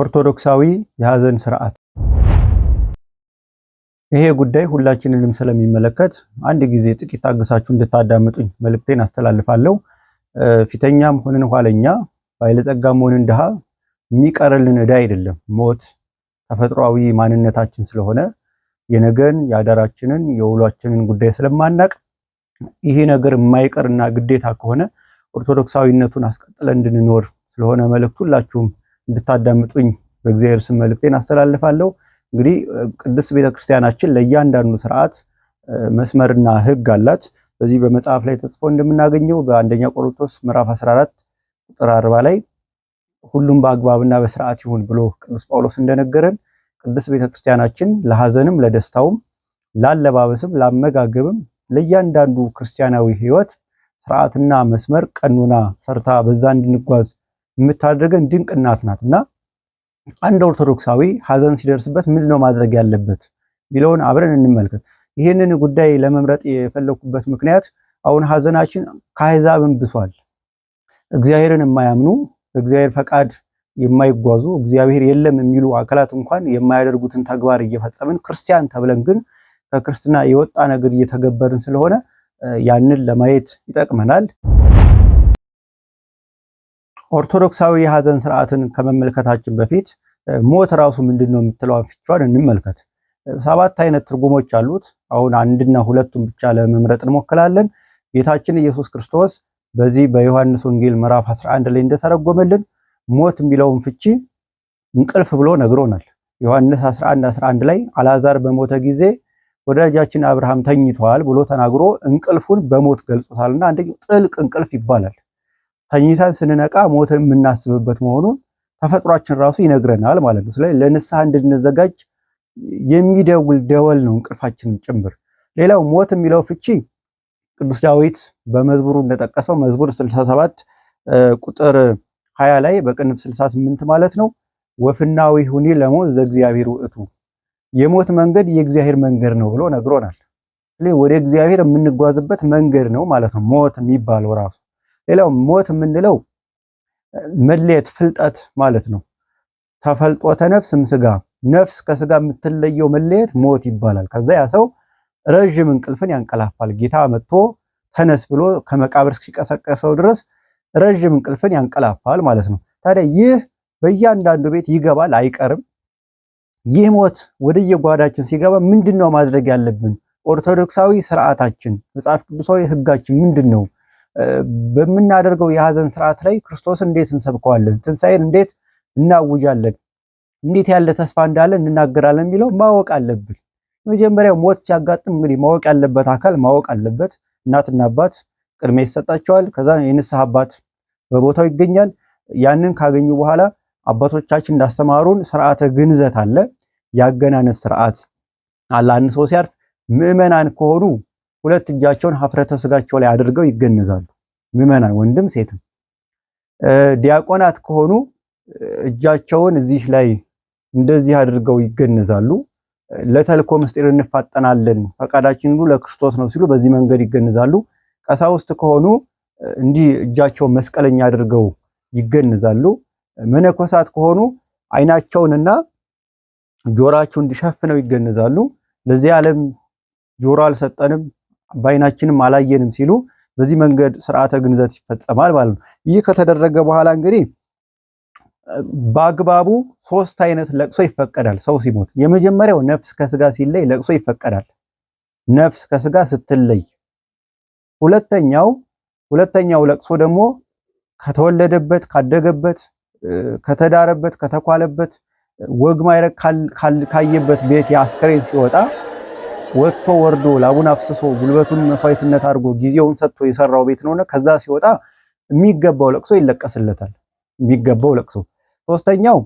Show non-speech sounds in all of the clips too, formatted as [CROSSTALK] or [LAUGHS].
ኦርቶዶክሳዊ የሐዘን ስርዓት። ይሄ ጉዳይ ሁላችንንም ስለሚመለከት አንድ ጊዜ ጥቂት ታግሳችሁ እንድታዳምጡኝ መልእክቴን አስተላልፋለሁ። ፊተኛም ሆንን ኋለኛ፣ ባለጸጋም ሆንን ድሃ የሚቀርልን እዳ አይደለም ሞት፣ ተፈጥሯዊ ማንነታችን ስለሆነ የነገን የአዳራችንን የውሏችንን ጉዳይ ስለማናቅ ይሄ ነገር የማይቀርና ግዴታ ከሆነ ኦርቶዶክሳዊነቱን አስቀጥለን እንድንኖር ስለሆነ መልእክቱ ሁላችሁም እንድታዳምጡኝ በእግዚአብሔር ስም መልእክቴን አስተላልፋለሁ። እንግዲህ ቅድስት ቤተክርስቲያናችን ለእያንዳንዱ ስርዓት መስመርና ህግ አላት። በዚህ በመጽሐፍ ላይ ተጽፎ እንደምናገኘው በአንደኛ ቆሮንቶስ ምዕራፍ 14 ቁጥር 40 ላይ ሁሉም በአግባብና በስርዓት ይሁን ብሎ ቅዱስ ጳውሎስ እንደነገረን ቅድስት ቤተክርስቲያናችን ለሐዘንም ለደስታውም ላለባበስም ላመጋገብም ለእያንዳንዱ ክርስቲያናዊ ህይወት ስርዓትና መስመር ቀኑና ሰርታ በዛ እንድንጓዝ የምታደርገን ድንቅ እናት ናት እና አንድ ኦርቶዶክሳዊ ሀዘን ሲደርስበት ምንድን ነው ማድረግ ያለበት ቢለውን አብረን እንመልከት። ይህንን ጉዳይ ለመምረጥ የፈለግኩበት ምክንያት አሁን ሀዘናችን ከአሕዛብን ብሷል። እግዚአብሔርን የማያምኑ በእግዚአብሔር ፈቃድ የማይጓዙ እግዚአብሔር የለም የሚሉ አካላት እንኳን የማያደርጉትን ተግባር እየፈጸምን ክርስቲያን ተብለን ግን ከክርስትና የወጣ ነገር እየተገበርን ስለሆነ ያንን ለማየት ይጠቅመናል። ኦርቶዶክሳዊ የሀዘን ስርዓትን ከመመልከታችን በፊት ሞት ራሱ ምንድን ነው የምትለዋን እንመልከት። ሰባት አይነት ትርጉሞች አሉት። አሁን አንድና ሁለቱን ብቻ ለመምረጥ እንሞክላለን። ጌታችን ኢየሱስ ክርስቶስ በዚህ በዮሐንስ ወንጌል ምዕራፍ 11 ላይ እንደተረጎመልን ሞት የሚለውን ፍቺ እንቅልፍ ብሎ ነግሮናል። ዮሐንስ 11 11 ላይ አላዛር በሞተ ጊዜ ወዳጃችን አብርሃም ተኝቷል ብሎ ተናግሮ እንቅልፉን በሞት ገልጾታልና አንደኛው ጥልቅ እንቅልፍ ይባላል። ተኝተን ስንነቃ ሞትን የምናስብበት መሆኑን ተፈጥሯችን ራሱ ይነግረናል ማለት ነው። ስለዚህ ለንስሐ እንድንዘጋጅ የሚደውል ደወል ነው እንቅልፋችንም ጭምር። ሌላው ሞት የሚለው ፍቺ ቅዱስ ዳዊት በመዝሙሩ እንደጠቀሰው መዝሙር 67 ቁጥር 20 ላይ በቅንብ 68 ማለት ነው ወፍናዊ ሁኒ ለሞት ዘእግዚአብሔር ውእቱ የሞት መንገድ የእግዚአብሔር መንገድ ነው ብሎ ነግሮናል። ወደ እግዚአብሔር የምንጓዝበት መንገድ ነው ማለት ነው ሞት የሚባለው ራሱ ሌላው ሞት የምንለው መለየት ፍልጠት ማለት ነው። ተፈልጦተ ነፍስም ስጋ ነፍስ ከስጋ የምትለየው መለየት ሞት ይባላል። ከዛ ያ ሰው ረዥም እንቅልፍን ያንቀላፋል። ጌታ መጥቶ ተነስ ብሎ ከመቃብር እስኪቀሰቀሰው ድረስ ረዥም እንቅልፍን ያንቀላፋል ማለት ነው። ታዲያ ይህ በእያንዳንዱ ቤት ይገባል አይቀርም። ይህ ሞት ወደየጓዳችን ሲገባ ምንድን ነው ማድረግ ያለብን? ኦርቶዶክሳዊ ስርዓታችን፣ መጽሐፍ ቅዱሳዊ ህጋችን ምንድን ነው? በምናደርገው የሐዘን ስርዓት ላይ ክርስቶስ እንዴት እንሰብከዋለን፣ ትንሣኤን እንዴት እናውጃለን፣ እንዴት ያለ ተስፋ እንዳለ እንናገራለን የሚለው ማወቅ አለብን። መጀመሪያ ሞት ሲያጋጥም እንግዲህ ማወቅ ያለበት አካል ማወቅ አለበት። እናትና አባት ቅድሜ ይሰጣቸዋል። ከዛ የንስሐ አባት በቦታው ይገኛል። ያንን ካገኙ በኋላ አባቶቻችን እንዳስተማሩን ስርዓተ ግንዘት አለ፣ ያገናነት ስርዓት አለ። አንድ ሰው ሲያርፍ ምዕመናን ከሆኑ ሁለት እጃቸውን ሀፍረተ ስጋቸው ላይ አድርገው ይገነዛሉ። ምዕመናን ወንድም ሴትም። ዲያቆናት ከሆኑ እጃቸውን እዚህ ላይ እንደዚህ አድርገው ይገነዛሉ። ለተልኮ ምስጢር እንፋጠናለን ፈቃዳችን ሁሉ ለክርስቶስ ነው ሲሉ በዚህ መንገድ ይገነዛሉ። ቀሳውስት ከሆኑ እንዲህ እጃቸውን መስቀለኛ አድርገው ይገነዛሉ። መነኮሳት ከሆኑ አይናቸውንና ጆራቸውን እንዲሸፍነው ይገነዛሉ። ለዚህ ዓለም ጆሮ አልሰጠንም በአይናችንም አላየንም ሲሉ በዚህ መንገድ ስርዓተ ግንዘት ይፈጸማል ማለት ነው። ይህ ከተደረገ በኋላ እንግዲህ በአግባቡ ሶስት አይነት ለቅሶ ይፈቀዳል ሰው ሲሞት። የመጀመሪያው ነፍስ ከስጋ ሲለይ ለቅሶ ይፈቀዳል፣ ነፍስ ከስጋ ስትለይ። ሁለተኛው ሁለተኛው ለቅሶ ደግሞ ከተወለደበት፣ ካደገበት፣ ከተዳረበት፣ ከተኳለበት ወግ ማይረግ ካየበት ቤት የአስከሬን ሲወጣ ወጥቶ ወርዶ ላቡን አፍስሶ ጉልበቱን መስዋዕትነት አድርጎ ጊዜውን ሰጥቶ የሰራው ቤት ነውና ከዛ ሲወጣ የሚገባው ለቅሶ ይለቀስለታል። የሚገባው ለቅሶ። ሶስተኛው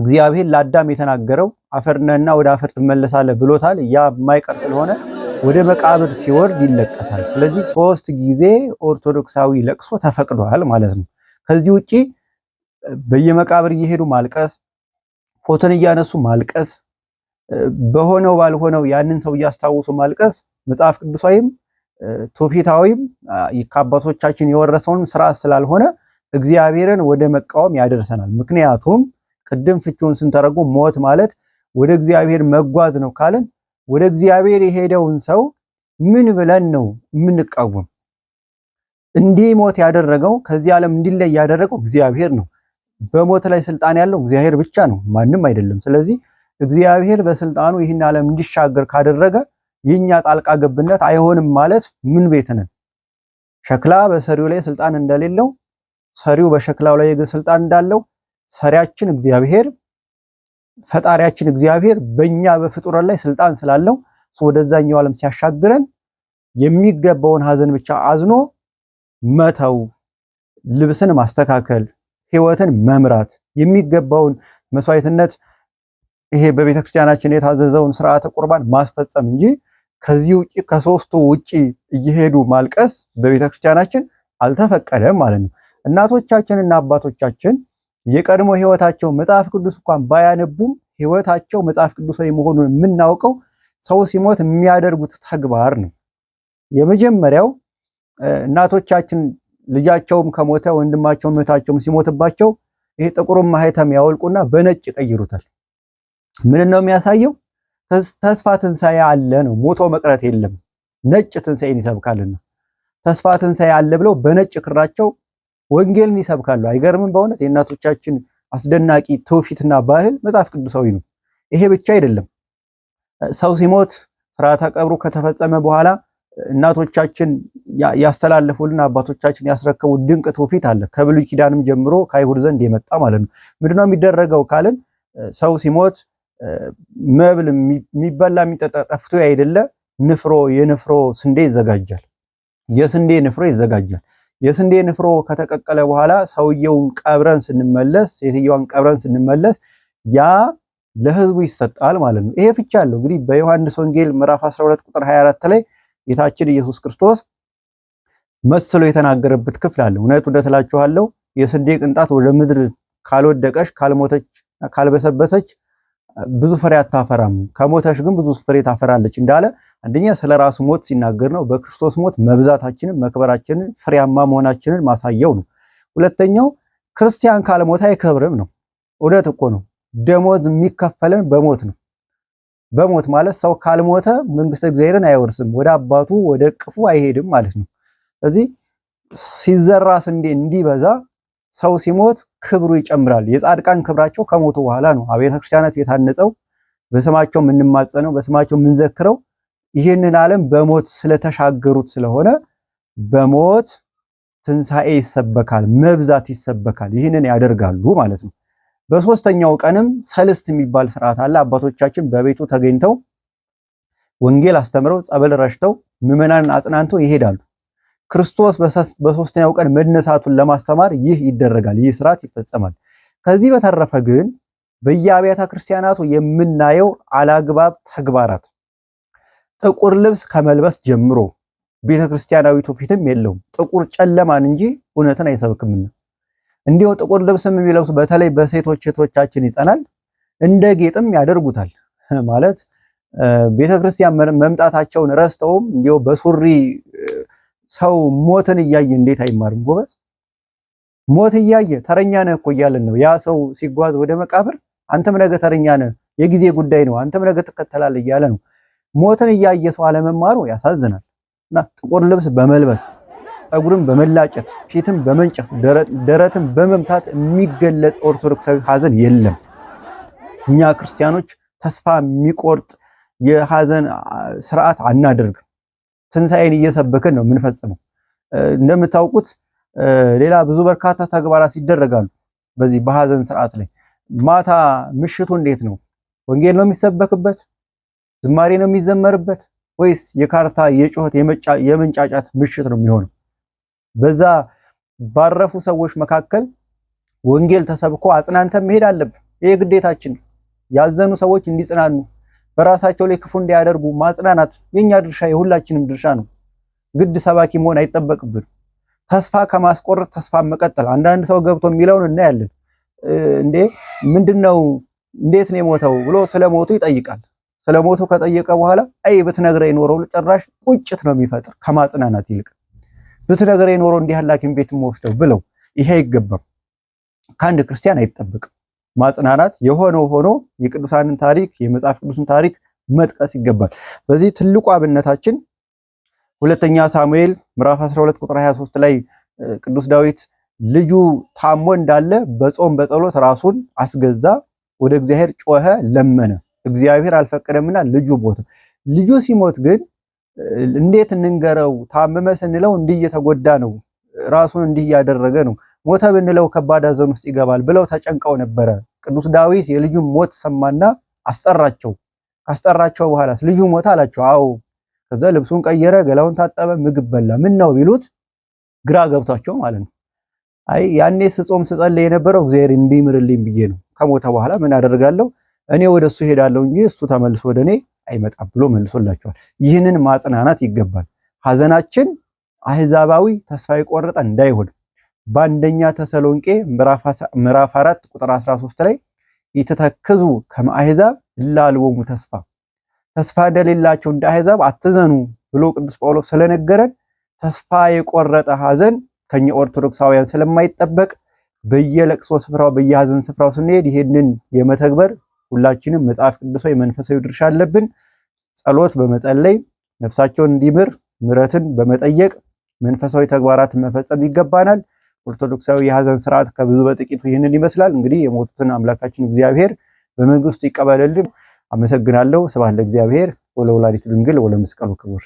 እግዚአብሔር ለአዳም የተናገረው አፈርነና ወደ አፈር ትመለሳለህ ብሎታል። ያ የማይቀር ስለሆነ ወደ መቃብር ሲወርድ ይለቀሳል። ስለዚህ ሶስት ጊዜ ኦርቶዶክሳዊ ለቅሶ ተፈቅዷል ማለት ነው። ከዚህ ውጪ በየመቃብር እየሄዱ ማልቀስ፣ ፎቶን እያነሱ ማልቀስ በሆነው ባልሆነው ያንን ሰው እያስታውሱ ማልቀስ መጽሐፍ ቅዱሳዊም ትውፊታዊም ከአባቶቻችን የወረሰውን ስርዓት ስላልሆነ እግዚአብሔርን ወደ መቃወም ያደርሰናል። ምክንያቱም ቅድም ፍቺውን ስንተረጉም ሞት ማለት ወደ እግዚአብሔር መጓዝ ነው ካለን ወደ እግዚአብሔር የሄደውን ሰው ምን ብለን ነው የምንቃወም? እንዲህ ሞት ያደረገው ከዚህ ዓለም እንዲለይ ያደረገው እግዚአብሔር ነው። በሞት ላይ ስልጣን ያለው እግዚአብሔር ብቻ ነው፣ ማንም አይደለም። ስለዚህ እግዚአብሔር በስልጣኑ ይህን ዓለም እንዲሻገር ካደረገ የኛ ጣልቃ ገብነት አይሆንም ማለት ምን ቤት ነን? ሸክላ በሰሪው ላይ ስልጣን እንደሌለው ሰሪው በሸክላው ላይ ስልጣን እንዳለው ሰሪያችን እግዚአብሔር ፈጣሪያችን እግዚአብሔር በእኛ በፍጡራን ላይ ስልጣን ስላለው ወደዛኛው ዓለም ሲያሻግረን የሚገባውን ሀዘን ብቻ አዝኖ መተው፣ ልብስን ማስተካከል፣ ህይወትን መምራት የሚገባውን መስዋዕትነት ይሄ በቤተክርስቲያናችን የታዘዘውን ስርዓተ ቁርባን ማስፈጸም እንጂ ከዚህ ውጭ ከሶስቱ ውጭ እየሄዱ ማልቀስ በቤተክርስቲያናችን አልተፈቀደም ማለት ነው። እናቶቻችንና አባቶቻችን የቀድሞ ህይወታቸው መጽሐፍ ቅዱስ እንኳን ባያነቡም ህይወታቸው መጽሐፍ ቅዱሳዊ መሆኑን የምናውቀው ሰው ሲሞት የሚያደርጉት ተግባር ነው። የመጀመሪያው እናቶቻችን ልጃቸውም ከሞተ ወንድማቸውም እህታቸውም ሲሞትባቸው ይህ ጥቁሩም ማህተም ያወልቁና በነጭ ይቀይሩታል። ምን ነው የሚያሳየው? ተስፋ ትንሣኤ አለ ነው። ሞቶ መቅረት የለም። ነጭ ትንሣኤን ይሰብካልና ተስፋ ትንሣኤ አለ ብለው በነጭ ክራቸው ወንጌልን ይሰብካሉ። አይገርምም? በእውነት የእናቶቻችን አስደናቂ ትውፊትና ባህል መጽሐፍ ቅዱሳዊ ነው። ይሄ ብቻ አይደለም። ሰው ሲሞት ስርዓተ ቀብሩ ከተፈጸመ በኋላ እናቶቻችን ያስተላለፉልን አባቶቻችን ያስረከቡ ድንቅ ትውፊት አለ። ከብሉይ ኪዳንም ጀምሮ ከአይሁድ ዘንድ የመጣ ማለት ነው። ምንድነው የሚደረገው ካልን ሰው ሲሞት መብል የሚበላ የሚጠጣ ጠፍቶ አይደለ? ንፍሮ የንፍሮ ስንዴ ይዘጋጃል። የስንዴ ንፍሮ ይዘጋጃል። የስንዴ ንፍሮ ከተቀቀለ በኋላ ሰውየውን ቀብረን ስንመለስ፣ ሴትየዋን ቀብረን ስንመለስ ያ ለህዝቡ ይሰጣል ማለት ነው። ይሄ ፍቻ አለው እንግዲህ በዮሐንስ ወንጌል ምዕራፍ 12 ቁጥር 24 ላይ ጌታችን ኢየሱስ ክርስቶስ መስሎ የተናገረበት ክፍል አለ። እውነት እውነት እላችኋለሁ የስንዴ ቅንጣት ወደ ምድር ካልወደቀች፣ ካልሞተች፣ ካልበሰበሰች ብዙ ፍሬ አታፈራም፣ ከሞተሽ ግን ብዙ ፍሬ ታፈራለች እንዳለ አንደኛ ስለ ራሱ ሞት ሲናገር ነው። በክርስቶስ ሞት መብዛታችንን፣ መክበራችንን፣ ፍሬያማ መሆናችንን ማሳየው ነው። ሁለተኛው ክርስቲያን ካለሞት አይከብርም ነው። እውነት እኮ ነው። ደሞዝ የሚከፈለን በሞት ነው። በሞት ማለት ሰው ካልሞተ መንግስተ እግዚአብሔርን አይወርስም፣ ወደ አባቱ ወደ ቅፉ አይሄድም ማለት ነው። ስለዚህ ሲዘራ ስንዴ እንዲበዛ ሰው ሲሞት ክብሩ ይጨምራል። የጻድቃን ክብራቸው ከሞቱ በኋላ ነው አብያተ ክርስቲያናት የታነጸው። በስማቸው የምንማጸነው፣ በስማቸው የምንዘክረው ይህንን ዓለም በሞት ስለተሻገሩት ስለሆነ በሞት ትንሣኤ ይሰበካል፣ መብዛት ይሰበካል። ይህንን ያደርጋሉ ማለት ነው። በሶስተኛው ቀንም ሰልስት የሚባል ስርዓት አለ። አባቶቻችን በቤቱ ተገኝተው ወንጌል አስተምረው ጸበል ረሽተው ምዕመናን አጽናንተው ይሄዳሉ። ክርስቶስ በሶስተኛው ቀን መነሳቱን ለማስተማር ይህ ይደረጋል፣ ይህ ስርዓት ይፈጸማል። ከዚህ በተረፈ ግን በየአብያተ ክርስቲያናቱ የምናየው አላግባብ ተግባራት ጥቁር ልብስ ከመልበስ ጀምሮ ቤተክርስቲያናዊቱ ፊትም የለውም። ጥቁር ጨለማን እንጂ እውነትን አይሰብክምና እንዲሁ ጥቁር ልብስም የሚለብሱ በተለይ በሴቶች እህቶቻችን ይጸናል፣ እንደ ጌጥም ያደርጉታል። [LAUGHS] ማለት ቤተክርስቲያን መምጣታቸውን ረስተውም እንዲሁ በሱሪ ሰው ሞትን እያየ እንዴት አይማርም ጎበዝ? ሞት እያየ ተረኛ ነህ እኮ እያለን ነው። ያ ሰው ሲጓዝ ወደ መቃብር አንተም ነገ ተረኛ ነህ፣ የጊዜ ጉዳይ ነው፣ አንተም ነገ ትከተላለህ እያለ ነው። ሞትን እያየ ሰው አለመማሩ ያሳዝናል። እና ጥቁር ልብስ በመልበስ ፀጉርን በመላጨት ፊትን በመንጨት ደረትን በመምታት የሚገለጽ ኦርቶዶክሳዊ ሀዘን የለም። እኛ ክርስቲያኖች ተስፋ የሚቆርጥ የሀዘን ስርዓት አናደርግም። ትንሣኤን እየሰበክን ነው የምንፈጽመው። እንደምታውቁት ሌላ ብዙ በርካታ ተግባራት ይደረጋሉ። በዚህ በሐዘን ስርዓት ላይ ማታ ምሽቱ እንዴት ነው? ወንጌል ነው የሚሰበክበት? ዝማሬ ነው የሚዘመርበት? ወይስ የካርታ የጩኸት የመንጫጫት ምሽት ነው የሚሆነው? በዛ ባረፉ ሰዎች መካከል ወንጌል ተሰብኮ አጽናንተን መሄድ አለብን። ይሄ ግዴታችን። ያዘኑ ሰዎች እንዲጽናኑ በራሳቸው ላይ ክፉ እንዲያደርጉ ማጽናናት የኛ ድርሻ የሁላችንም ድርሻ ነው። ግድ ሰባኪ መሆን አይጠበቅብን። ተስፋ ከማስቆረጥ ተስፋ መቀጠል። አንዳንድ ሰው ገብቶ የሚለውን እናያለን። እንዴ ምንድነው? እንዴት ነው የሞተው ብሎ ስለሞቱ ይጠይቃል። ስለሞቱ ከጠየቀ በኋላ አይ ብትነግረኝ ኖሮ ጭራሽ ቁጭት ነው የሚፈጥር ከማጽናናት ይልቅ ብትነግረኝ ኖሮ እንዲህ ሐኪም ቤት ወስደው ብለው ይሄ አይገባም። ከአንድ ክርስቲያን አይጠበቅም። ማጽናናት የሆነው ሆኖ የቅዱሳንን ታሪክ የመጽሐፍ ቅዱስን ታሪክ መጥቀስ ይገባል። በዚህ ትልቁ አብነታችን ሁለተኛ ሳሙኤል ምዕራፍ 12 ቁጥር 23 ላይ ቅዱስ ዳዊት ልጁ ታሞ እንዳለ በጾም በጸሎት ራሱን አስገዛ፣ ወደ እግዚአብሔር ጮኸ፣ ለመነ። እግዚአብሔር አልፈቀደምና ልጁ ሞተ። ልጁ ሲሞት ግን እንዴት እንንገረው? ታመመ ስንለው እንዲህ እየተጎዳ ነው፣ ራሱን እንዲህ እያደረገ ነው ሞተ ብንለው ከባድ ሐዘን ውስጥ ይገባል ብለው ተጨንቀው ነበረ ቅዱስ ዳዊት የልጁን ሞት ሰማና አስጠራቸው። ካስጠራቸው በኋላስ ልጁ ሞት አላቸው። አዎ። ከዛ ልብሱን ቀየረ፣ ገላውን ታጠበ፣ ምግብ በላ። ምን ነው ቢሉት ግራ ገብቷቸው ማለት ነው። አይ ያኔ ስጾም ስጸልይ የነበረው እግዚአብሔር እንዲምርልኝ ብዬ ነው። ከሞተ በኋላ ምን አደርጋለሁ እኔ ወደ እሱ ሄዳለሁ እንጂ እሱ ተመልሶ ወደ እኔ አይመጣም ብሎ መልሶላቸዋል። ይህንን ማጽናናት ይገባል። ሐዘናችን አህዛባዊ ተስፋ የቆረጠ እንዳይሆን በአንደኛ ተሰሎንቄ ምዕራፍ 4 ቁጥር 13 ላይ የተተከዙ ከመ አሕዛብ ተስፋ ተስፋ እንደሌላቸው እንደ አሕዛብ አትዘኑ ብሎ ቅዱስ ጳውሎስ ስለነገረን ተስፋ የቆረጠ ሐዘን ከኛ ኦርቶዶክሳውያን ስለማይጠበቅ በየለቅሶ ስፍራው በየሐዘን ስፍራው ስንሄድ ይሄንን የመተግበር ሁላችንም መጽሐፍ ቅዱሳዊ መንፈሳዊ ድርሻ አለብን። ጸሎት በመጸለይ ነፍሳቸውን እንዲምር ምሕረትን በመጠየቅ መንፈሳዊ ተግባራትን መፈጸም ይገባናል። ኦርቶዶክሳዊ የሀዘን ስርዓት ከብዙ በጥቂቱ ይህንን ይመስላል። እንግዲህ የሞቱትን አምላካችን እግዚአብሔር በመንግስቱ ይቀበለልን። አመሰግናለሁ። ስብሐት ለእግዚአብሔር ወለወላዲቱ ድንግል ወለመስቀሉ ክቡር